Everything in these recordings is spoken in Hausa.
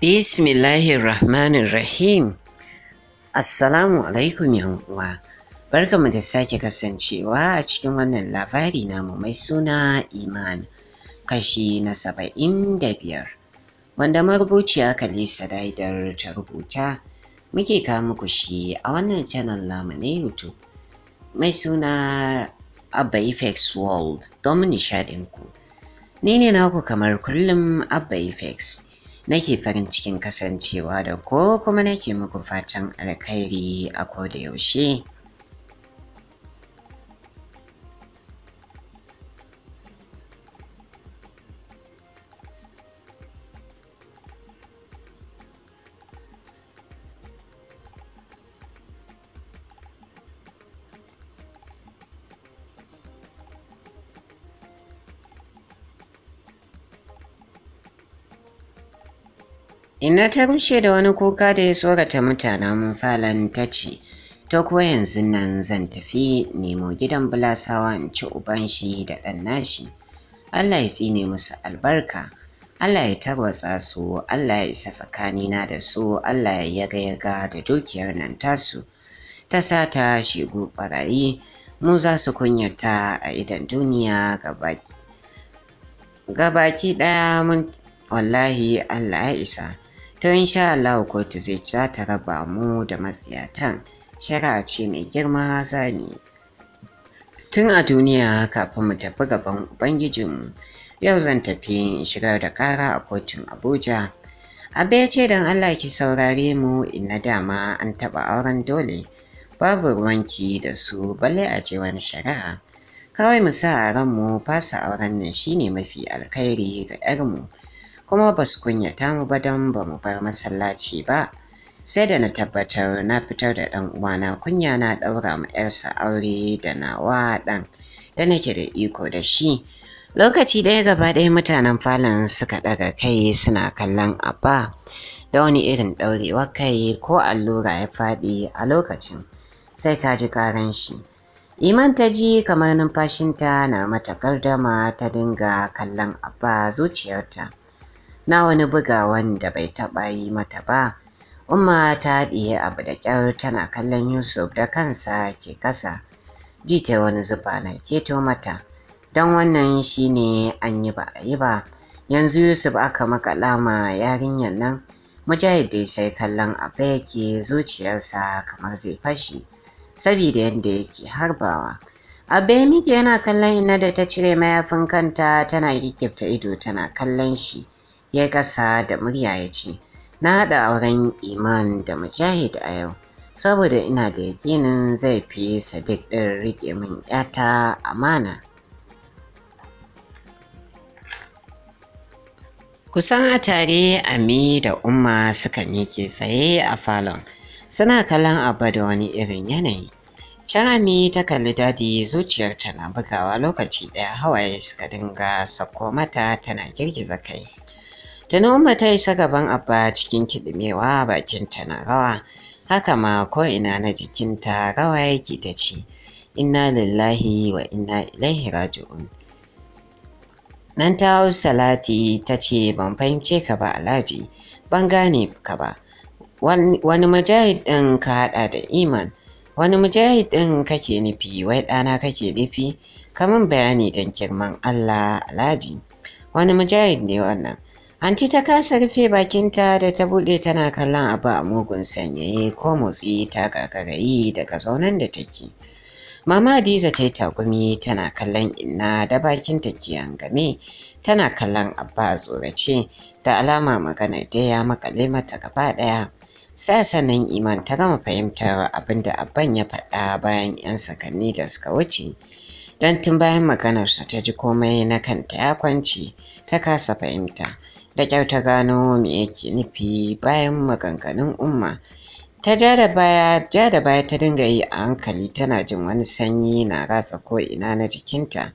Bismillahir Rahmanir Rahim. Assalamu alaikum uwa. mu da sake kasancewa a cikin wannan labari namu mai suna Iman, kashi na saba'in da biyar. Wanda marubuciya Kalisa Daidar ta rubuta, muke kama muku shi a wannan channel namu na YouTube. Mai suna Abba Effects World don nishadinku. Ni ne naku kamar kullum Abba Effects nake farin cikin kasancewa da ko kuma nake muku fatan alkhairi a koda yaushe. Ina ta rushe da wani kuka da ya tsorata mutanen falon ta ce, To kuwa yanzu nan zan tafi nemo gidan bulasawa in ci uban shi da ɗan nashi. Allah ya tsine musu albarka, Allah ya tarwatsa su, Allah ya isa tsakanina da su, Allah ya yaga yaga da dukiyar nan tasu. Ta sa ta shigo ɓarayi mu za su kunyata a idan duniya gabaki. Gabaki ɗaya mun wallahi Allah ya isa. To insha Allah kotu zai ci ta raba mu da matsiyatan shari'a ce mai girma za mu Tun a duniya kafin mu tafi gaban Ubangijinmu yau zan tafi in shigar da kara a kotun Abuja. Abe ce don Allah ki saurare mu in na dama an taɓa auren dole babu ruwanki da su balle a je wani shari'a. Kawai mu sa a ranmu fasa auren nan shine mafi alkhairi ga 'yarmu. kuma ba su kunyata mu ba don ba mu bar masallaci ba sai da na tabbatar na fitar da ɗan uwana kunya na ɗaura ma yarsa aure da nawa ɗan da nake da iko da shi lokaci ɗaya gaba ɗaya mutanen falon suka ɗaga kai suna kallon abba da wani irin ɗaurewar kai ko allura ya faɗi a lokacin sai ka ji karan shi iman ta ji kamar numfashinta na mata gardama ta dinga kallon abba zuciyarta na wani bugawan da bai taɓa yi mata ba. Umma ta haɗiye abu da kyar tana kallon Yusuf da kansa ke kasa. Ji ta wani zuba na keto mata, don wannan shi ne an yi ba a yi ba. Yanzu Yusuf aka makala ma yarinyar nan, Mujahid dai sai kallon abu yake zuciyarsa kamar zai fashi, sabida yadda yake harbawa. ya miƙe yana kallon ina da ta cire mayafin kanta tana rikifta ido tana kallon shi. ya kasa da murya ya ce, Na haɗa auren Iman da Mujahid a yau, saboda ina da yaƙinin zai fi Sadiq ɗin riƙe min ‘yata amana. Kusan a tare Ami da Umma suka miƙe tsaye a falon, suna kallon Abba da wani irin yanayi. Can Ami ta kalli dadi zuciyarta na bugawa lokaci ɗaya hawaye suka dinga sako mata tana girgiza kai. Tanuma Umma ta isa gaban Abba cikin kiɗimewa ta na rawa, haka ma ko'ina na jikinta rawa yake ta ce, Inna lillahi wa inna ilaihi raji'un. Nan ta hau salati ta ce ban fahimce ka ba alhaji, ban gane ka ba. Wani mujahid ɗin ka haɗa da iman, wani mujahid ɗin kake nufi, wai ɗana kake nufi, kaman bayani don girman Allah alhaji. Wani mujahid ne wannan, Anti ta kasa rufe bakinta da ta buɗe tana kallon abu a mugun sanyaye ko motsi ta kakarayi daga zaunan da take. Mama Hadiza ta yi takumi tana kallon inna da bakinta ke yangame tana kallon abba a tsorace da alama magana da ya makale mata gaba ɗaya. Sai sanin Iman ta gama fahimtar abin da abban ya faɗa bayan 'yan sakanni da suka wuce. Don tun bayan maganarsa ta ji komai na kanta ya kwanci ta kasa fahimta. da kyau ta gano me yake nufi bayan maganganun umma ta ja da baya ja baya ta dinga yi a hankali tana jin wani sanyi na ratsa ko ina na jikinta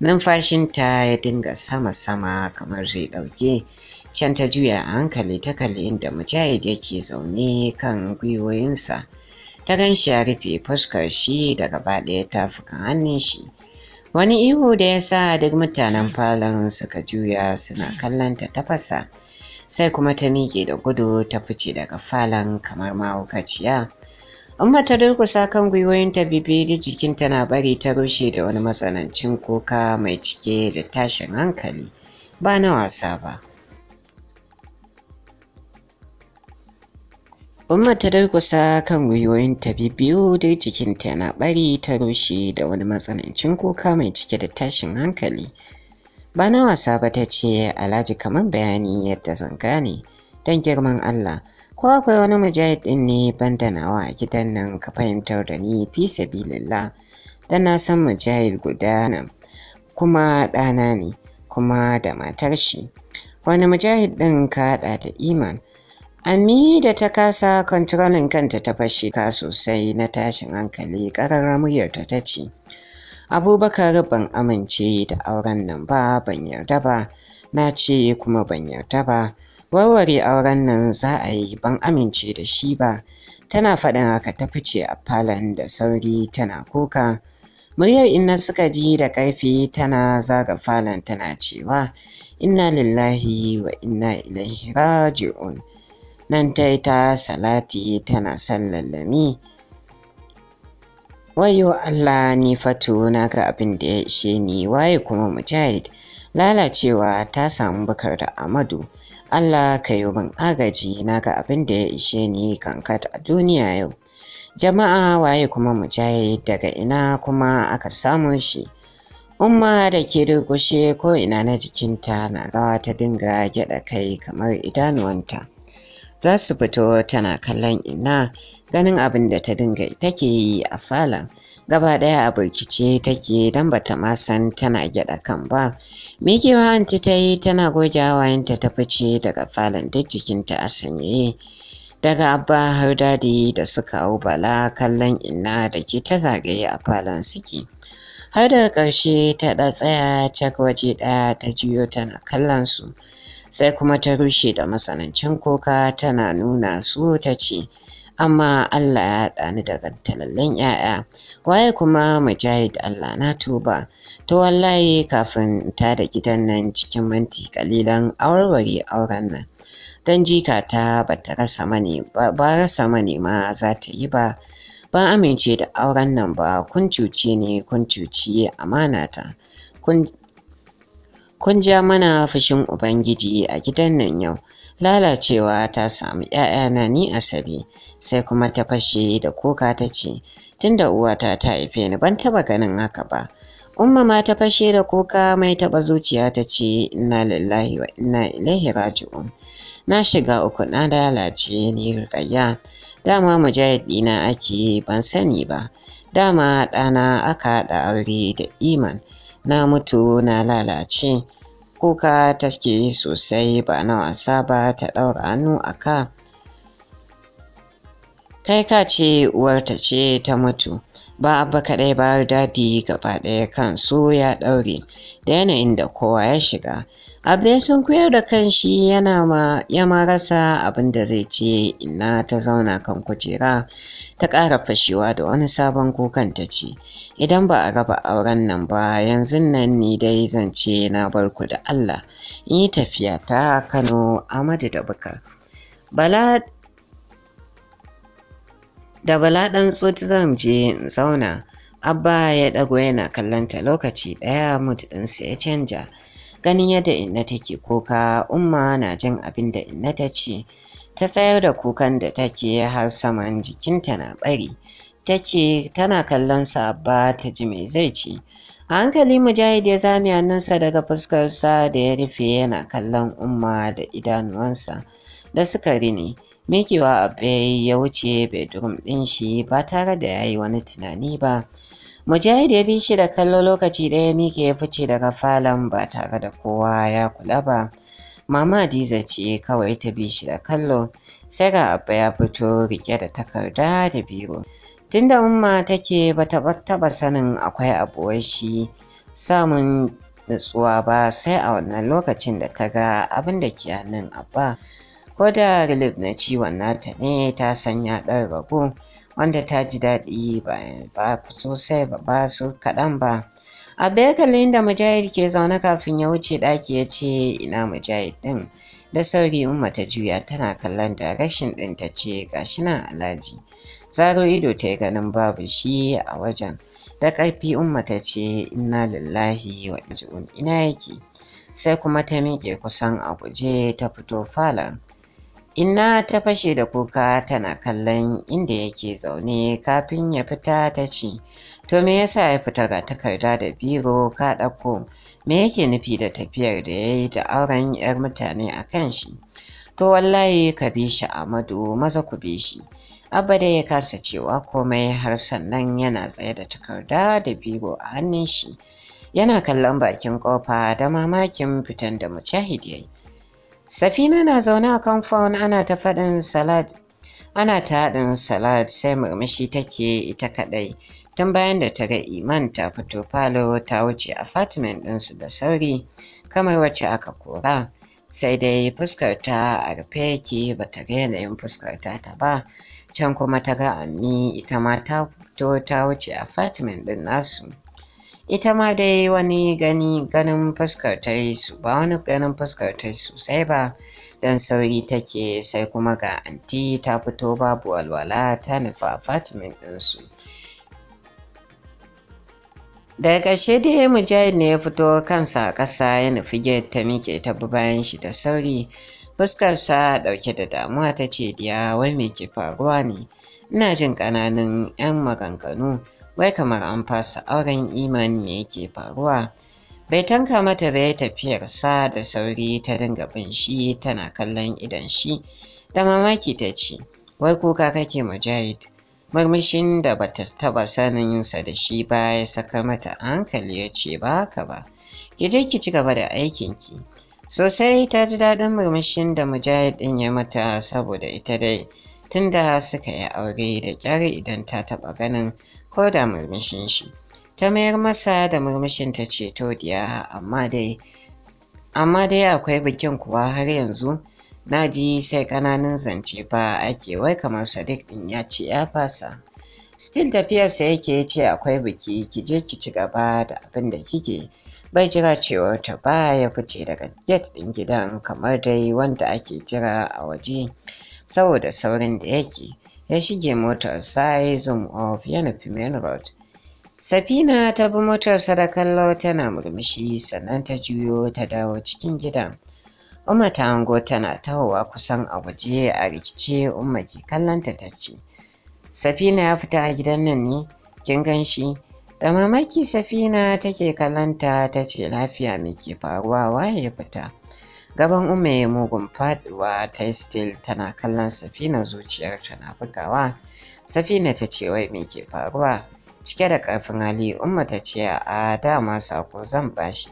numfashinta ya dinga sama-sama kamar zai ɗauke can ta juya a hankali ta kalli inda mujahid yake zaune kan gwiwoyinsa ta gan shi ya rufe fuskar shi da gaba ɗaya fuka hannun shi wani ihu da ya sa duk mutanen falon suka juya suna kallon ta tafasa sai kuma ta miƙe da gudu ta fice daga falon kamar mahaukaciya Umma ta durkusa kan gwiwoyinta bibiri jikinta na bari ta rushe da wani matsanancin kuka mai cike da tashin hankali ba na wasa ba. Umma ta durkusa kan ta biyo biyu duk jikinta yana bari ta rushe da wani matsanancin kuka mai cike da tashin hankali. Ba na wasa ba ta ce Alhaji kamar bayani yadda zan gane don girman Allah. Ko akwai wani mujahid din ne banda nawa a gidan nan ka fahimtar da ni fi sabilillah. Dan na san mujahid guda nan kuma ɗana ne kuma da matar shi. Wani mujahid ɗin ka haɗa da iman. Ami da ta kasa kontrolin kanta ta fashe ka sosai na tashin hankali ƙararra muryarta ta ce, Abubakar ban amince da auren nan ba ban yarda ba, na ce kuma ban yarda ba, warware auren nan za a yi ban amince da shi ba, tana faɗin haka ta fice a falon da sauri tana kuka. Muryar inna suka ji da ƙarfi tana zaga falon tana cewa, Inna lillahi wa inna ilaihi raji'un. nan ta yi ta salati tana sallallami wayo Allah ni fatu na ga abin da ya ishe ni waye kuma mujahid lalacewa ta samu bukar da amadu Allah ka yi min agaji na ga abin da ya ishe ni kankat a duniya yau jama'a waye kuma mujahid daga ina kuma aka samu shi umma da ke durƙushe ko ina na jikinta na gawa ta dinga gyaɗa kai kamar idanuwanta za su fito tana kallon ina ganin abin da ta dinga take yi a falon gaba daya a burkice take don bata ma san tana gyada kan ba ma anti ta yi tana goge hawayenta ta fice daga falon duk jikinta a sanyaye daga abba har dadi da suka hau bala kallon ina da ke ta zagaye a falon suke har daga ƙarshe ta da tsaya cak waje ɗaya ta juyo tana kallon su sai kuma ta rushe da masanancin kuka tana nuna su ta ce amma Allah ya ɗani daga da ‘ya'ya, waye kuma mujahid Allah na tuba, to wallahi kafin ta da gidan nan cikin minti kalilan aurware auren nan. Don jika ta ba rasa mani ma za ta yi ba, ba amince da auren nan ba kun cuce ne kun cuci amanata, kun kun ja mana fushin Ubangiji a gidan nan yau, lalacewa ta samu ‘ya'yana ni asabi, sai kuma ta fashe da kuka ta ce, tunda uwata ta haife ni ban taba ganin haka ba. Umma ma ta fashe da kuka mai taba zuciya ta ce, Inna lillahi wa inna ilaihi raji'un. Na shiga uku na lalace ni rikayya, dama mujahid ɗina ake ban sani ba, dama ɗana aka haɗa aure da iman. na mutu na lalace kuka ta ke sosai ba na wasa ba ta ɗaura hannu a ka kai ka ce 'uwar ta ce ta mutu ba abba kaɗai ba dadi gaba kan kansu ya ɗaure da yanayin da kowa ya shiga abin sun koyar da kanshi yana ma ya ma rasa abin da zai ce ina ta zauna kan kujera ta ƙara fashewa da wani sabon kukan ta ce idan ba a raba auren nan ba yanzu nan ni dai zan ce na barku da Allah in yi tafiya ta Kano Amadu da Buka Bala da bala ɗan tsoti zan je in zauna abba ya ɗago yana kallonta lokaci ɗaya mut ɗinsa ya canja ganin yadda inna take kuka umma na jin abin da inna ta ce ta tsayar da kukan da take har saman jikinta na bari ta ce tana kallon sa ba ta ji me zai ci a hankali mujahid ya zame hannunsa daga fuskarsa da ya rufe yana kallon umma da idanuwansa da suka rini mikewa bai ya wuce bedroom ɗin shi ba tare da yayi wani tunani ba mujahid ya bi shi da kallo lokaci ɗaya mike ya fice daga falon ba tare da kowa ya kula ba mama Hadiza ce kawai ta bi shi da kallo sai ga abba ya fito rike da takarda da biro tunda umma take bata taba sanin akwai abuwar shi samun nutsuwa ba sai a wannan lokacin da ta ga abin da ke hannun abba ko da relief na ciwon nata ne ta sanya ɗan rago, wanda ta ji daɗi ba sosai ba ba su kaɗan ba a bekalin da mujahid ke zaune kafin ya wuce ɗaki ya ce ina mujahid ɗin da sauri umma ta juya tana kallon da rashin ɗin ta ce gashi nan alhaji zaro ido ta yi ganin babu shi a wajen da ƙarfi umma ta ce inna lullahi, wa inji'un ina yake sai kuma ta miƙe kusan a guje ta fito falon ina ta fashe da kuka tana kallon inda yake zaune kafin ya fita ta ce to me yasa ya fita ga takarda da biro ka ɗauko me yake nufi da tafiyar da ya yi da auren 'yar mutane a kan shi to wallahi ka bi shi amadu maza ku bi shi Abba da ya kasa cewa komai har sannan yana tsaye da takarda da biro a hannun shi. Yana kallon bakin kofa da mamakin fitan da Mujahid ya yi. Safina na zaune a kamfon ana ta faɗin salad ana ta haɗin salad sai murmushi take ita kaɗai tun bayan da ta ga iman ta fito falo ta wuce apartment ɗinsu da sauri kamar wacce aka kora sai dai fuskar ta a rufe yake ba ta ga yanayin fuskar ta ba can kuma ta ga ammi ita ma ta fito ta wuce apartment din nasu ita ma dai wani gani ganin fuskar ta yi su ba wani ganin fuskar ta yi sosai ba don sauri take sai kuma ga anti ta fito babu walwala ta nufa apartment ɗinsu daga ƙarshe dai mujahid ne ya fito kansa a ƙasa ya nufi gate ta miƙe ta bi bayan shi da sauri fuskarsa ɗauke da damuwa ta ce diya wai me ke faruwa ne ina jin ƙananun 'yan maganganu wai kamar an fasa auren imani me yake faruwa bai tanka mata bai sa da sauri ta dinga bin shi tana kallon idan shi da mamaki ta ce wai kuka kake mujahid murmushin da bata taba sanin sa da shi ba ya saka mata hankali ya ce ba haka ba ki je ki ci gaba da aikinki sosai ta ji daɗin murmushin da mujahid ɗin ya mata saboda ita dai tunda suka yi aure da ƙyar idan ta taɓa ganin ko da murmushin shi ta mayar masa da murmushin ta ce to diya amma dai akwai bikin kuwa har yanzu na ji sai ƙananan zance ba ake wai kamar sadiq ɗin ya ce ya fasa still tafiyarsa yake ce akwai biki ki je ki ci gaba da abin da kike bai jira cewar ta baya fice daga gate ɗin gidan kamar dai wanda ake jira a waje saboda saurin da yake ya shige motar sai of off road safina ta bi motar da kallo tana murmushi sannan ta juyo ta dawo cikin gidan Umma ta hango tana tahowa kusan a waje a rikice Umma ke kallonta ta ce, Safina ya fita gidan nan ne, kin ganshi. Da mamaki Safina take kalanta ta ce lafiya me ke faruwa waye fita. Gaban ume mugun faduwa ta still tana kallon Safina zuciyar na bugawa. Safina ta ce wai me ke faruwa cike da ƙarfin hali umma ta ce a dama sako zan bashi.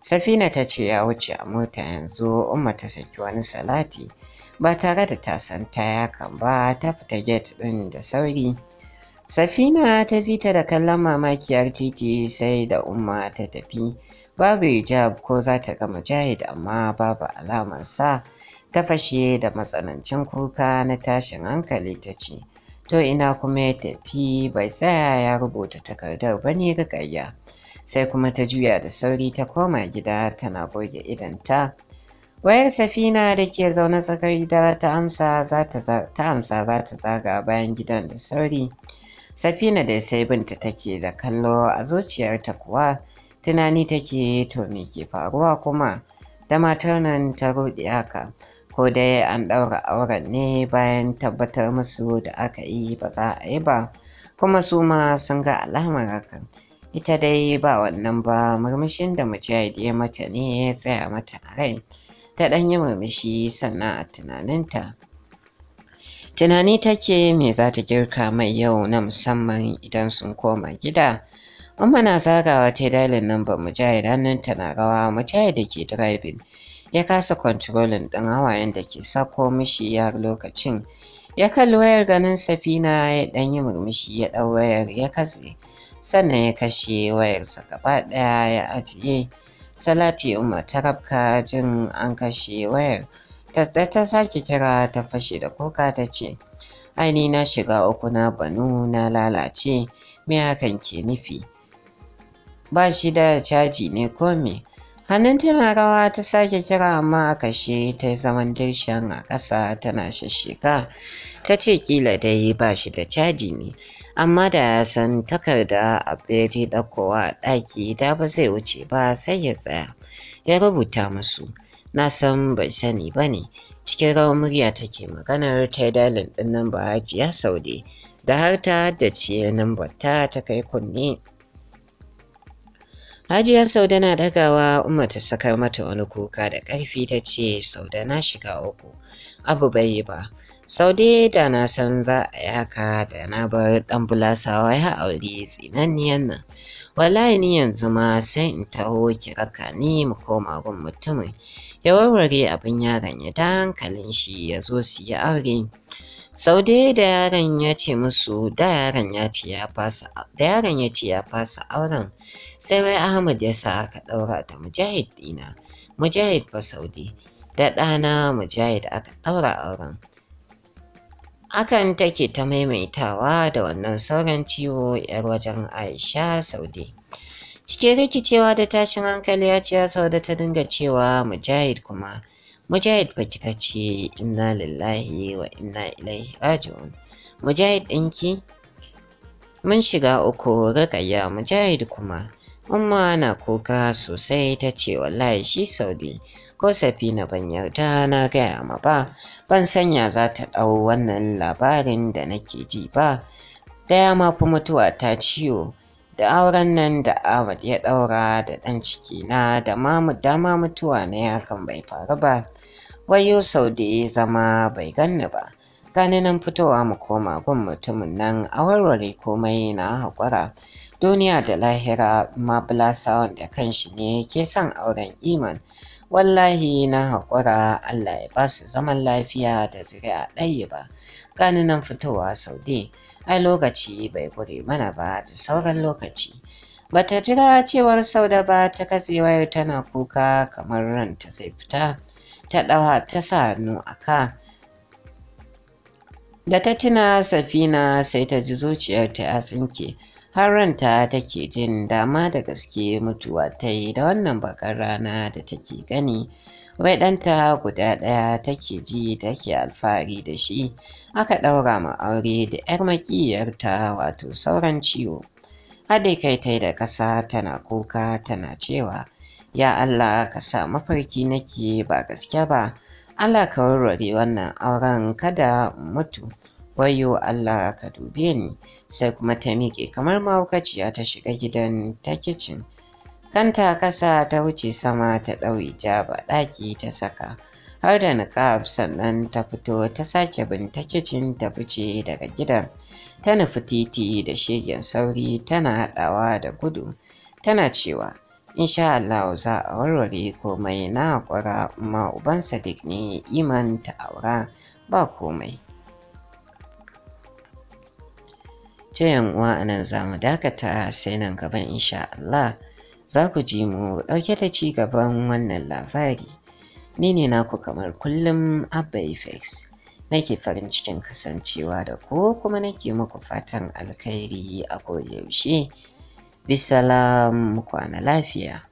Safina ta ce ya wuce a mota yanzu umma ta saki wani salati ba tare da ta san ta yakan ba ta fita gate ɗin da sauri. Safina ta fita da kallon mamakiyar titi sai da umma ta tafi. Babu hijab ko za ta ga mujahid amma babu alamar sa ta fashe da matsanancin kuka na tashin hankali ta ce. To ina kuma ya tafi bai tsaya ya rubuta takardar ba ne ga gayya. Sai kuma ta juya da sauri ta koma gida tana goge idanta. Wayar Safina da ke zaune tsakar gida ta amsa za ta zaga bayan gidan da sauri. Safina dai sai binta take da kallo a zuciyarta kuwa tunani take to me ke faruwa kuma da matar nan ta ruɗi haka ko dai an ɗaura auren ne bayan tabbatar musu da aka yi ba za a yi ba kuma su ma sun ga alamar hakan ita dai ba wannan ba murmushin da mujahid ya mata ne ya tsaya mata a rai ta ɗan yi murmushi sannan a tunaninta tunani take me za ta girka mai yau na musamman idan sun koma gida umma na zagawa ta dalin nan ba mujahid hannunta na rawa mujahid da ke driving ya kasa kwantarolin ɗin hawayen da ke sako mishi ya lokacin ya kalli wayar ganin safina ya ɗan yi murmushi ya ɗau wayar ya katse sannan ya kashe wayarsa gaba ɗaya ya ajiye salati umma tarabka jin an kashe wayar Tasda ta sake kira ta fashe da kuka ta ce, Aini na shiga uku na banu na lalace, me hakan ke nufi? Ba shi da caji ne ko me? Hannun tana rawa ta sake kira amma a kashe ta zaman dirshan a ƙasa tana shashshika. Ta ce kila dai ba shi da caji ne, amma da ya san takarda a ɗaukowa a ɗaki da ba zai wuce ba sai ya tsaya. Ya rubuta musu. na san ban sani ba ne cikin rawar murya take maganar ta dalin ɗin nan ba hajiya saude da har ta haddace nan ta ta kai kunne hajiyar saude na dagawa umma ta sakar mata wani kuka da karfi ta ce saude na shiga uku abu bai yi ba saude da na san za a yi haka da na bar ɗan bulasawa ya auri tsinanniyan nan wallahi ni yanzu ma sai in taho ki raka ni mu koma gun mutumin ya warware abin yaron ya ta hankalin shi ya zo su yi aure sau da da yaron ya ce musu da yaron ya ce ya fasa auren sai wai ahmad ya sa aka ɗaura ta mujahid dina mujahid ba saudi da ɗana mujahid aka ɗaura auren akan take ta maimaitawa da wannan sauran ciwo 'yar wajen aisha saudi take rikicewa da tashin hankali ya ce sau da ta dinga cewa Mujahid kuma. Mujahid ba kika ce inna lillahi wa inna ilaihi raji'un. Mujahid ɗinki? Mun shiga uku raƙayya Mujahid kuma. Umma na kuka sosai ta ce wallahi shi Saudi ko Safina ban yarda na gaya ma ba ban sanya za ta ɗau wannan labarin da nake ji ba. Daya ma fi mutuwa ta ciwo da auren nan da Ahmad ya ɗaura da ɗan ciki na da mamu dama mutuwa na yakan bai faru ba wayo sau da ya zama bai ganni ba gani nan fitowa mu koma gun mutumin nan a warware komai na haƙura duniya da lahira ma sawon da kanshi ne ke son auren iman wallahi na haƙura Allah ya ba su zaman lafiya da zuri'a ɗaya ba gani nan fitowa sau ai lokaci bai kure mana ba da sauran lokaci bata jira cewar sauda ba ta katse wayar tana kuka kamar ranta zai fita ta ɗawa ta sa hannu a ka da ta tuna safina sai ta ji ta ya tsinke har ranta take jin dama da gaske mutuwa ta yi da wannan bakar rana da take gani wai ɗanta guda ɗaya take ji take alfahari da shi aka ɗaura ma aure da 'yar maƙiyarta wato sauran ciwo haɗe kai tai da ƙasa tana kuka tana cewa ya Allah ka sa mafarki nake ba gaske ba Allah ka warware wannan auren kada mutu wayo Allah ka dube ni sai kuma ta miƙe kamar mahaukaciya ta shiga gidan ta kicin Kanta ƙasa ta wuce sama ta ɗauki jaba ɗaki ta saka. har da niƙab sannan ta fito ta sake bin ta kicin ta fice daga gidan ta nufi titi da shegen sauri tana haɗawa da gudu tana cewa insha Allah za a warware komai na haƙura ma uban Sadiq ne iman ta aura ba komai ta yan uwa nan za mu dakata sai nan gaba insha Allah za ku ji mu ɗauke da ci gaban wannan labari. Ni ne naku kamar kullum Abba Nake farin cikin kasancewa da ko kuma nake muku fatan alkhairi a koyaushe. Bisalam kwana lafiya.